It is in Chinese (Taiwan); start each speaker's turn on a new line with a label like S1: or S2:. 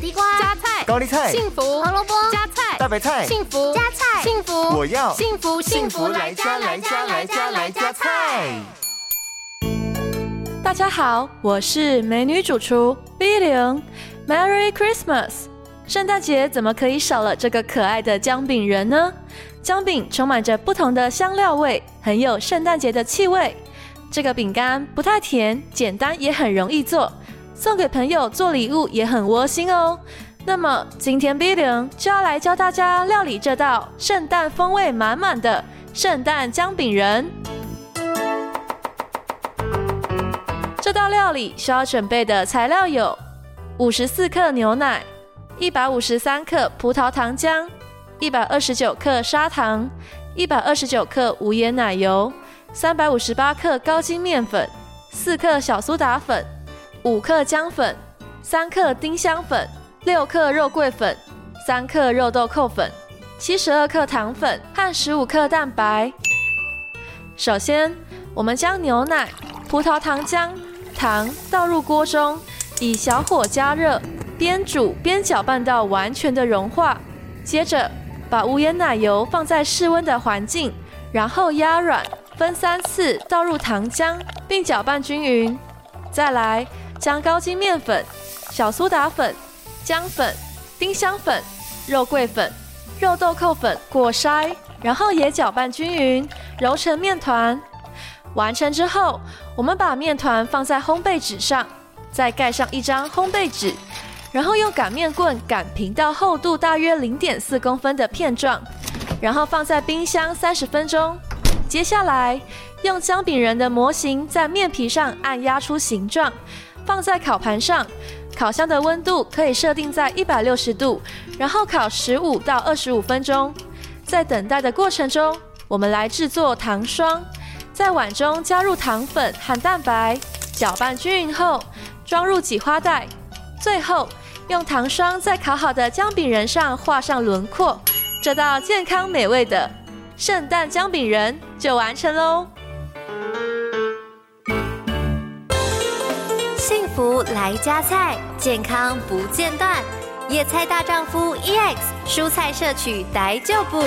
S1: 地瓜、加菜，高麗菜、幸福、胡蘿蔔、加菜、大白菜、幸福、加菜、幸福，我要幸福幸福來加來加來加來加菜。大家好，我是美女主廚 V 零，Merry Christmas，聖誕節怎麼可以少了這個可愛的薑餅人呢？薑餅充滿着不同的香料味，很有聖誕節的氣味。這個餅乾不太甜，簡單也很容易做。送給朋友做禮物也很窩心哦。那麼今天 Billon 就要來教大家料理這道聖誕風味滿滿的聖誕薑餅人。這道料理需要準備的材料有：五十四克牛奶、一百五十三克葡萄糖漿、一百二十九克砂糖、一百二十九克無鹽奶油、三百五十八克高筋麵粉、四克小蘇打粉。五克薑粉，三克丁香粉，六克肉桂粉，三克肉豆蔻粉，七十二克糖粉和十五克蛋白。首先，我們將牛奶、葡萄糖漿、糖倒入鍋中，以小火加熱，邊煮邊攪拌到完全的融化。接着，把無鹽奶油放在室溫的環境，然後壓軟，分三次倒入糖漿，並攪拌均勻。再來。將高筋麵粉、小蘇打粉、薑粉、丁香粉、肉桂粉、肉豆蔻粉過篩，然後也攪拌均勻，揉成麵糰。完成之後，我們把麵糰放在烘焙紙上，再蓋上一張烘焙紙，然後用擀麵棍擀平到厚度大約零點四公分的片狀，然後放在冰箱三十分鐘。接下來，用薑餅人的模型在麵皮上按壓出形狀，放在烤盤上。烤箱的溫度可以設定在一百六十度，然後烤十五到二十五分鐘。在等待的過程中，我們來製作糖霜。在碗中加入糖粉和蛋白，攪拌均勻後裝入擠花袋。最後，用糖霜在烤好的薑餅人上畫上輪廓。這道健康美味的。聖誕薑餅人就完成嘍！幸福來加菜，健康不間斷，野菜大丈夫 EX，蔬菜攝取逮就補。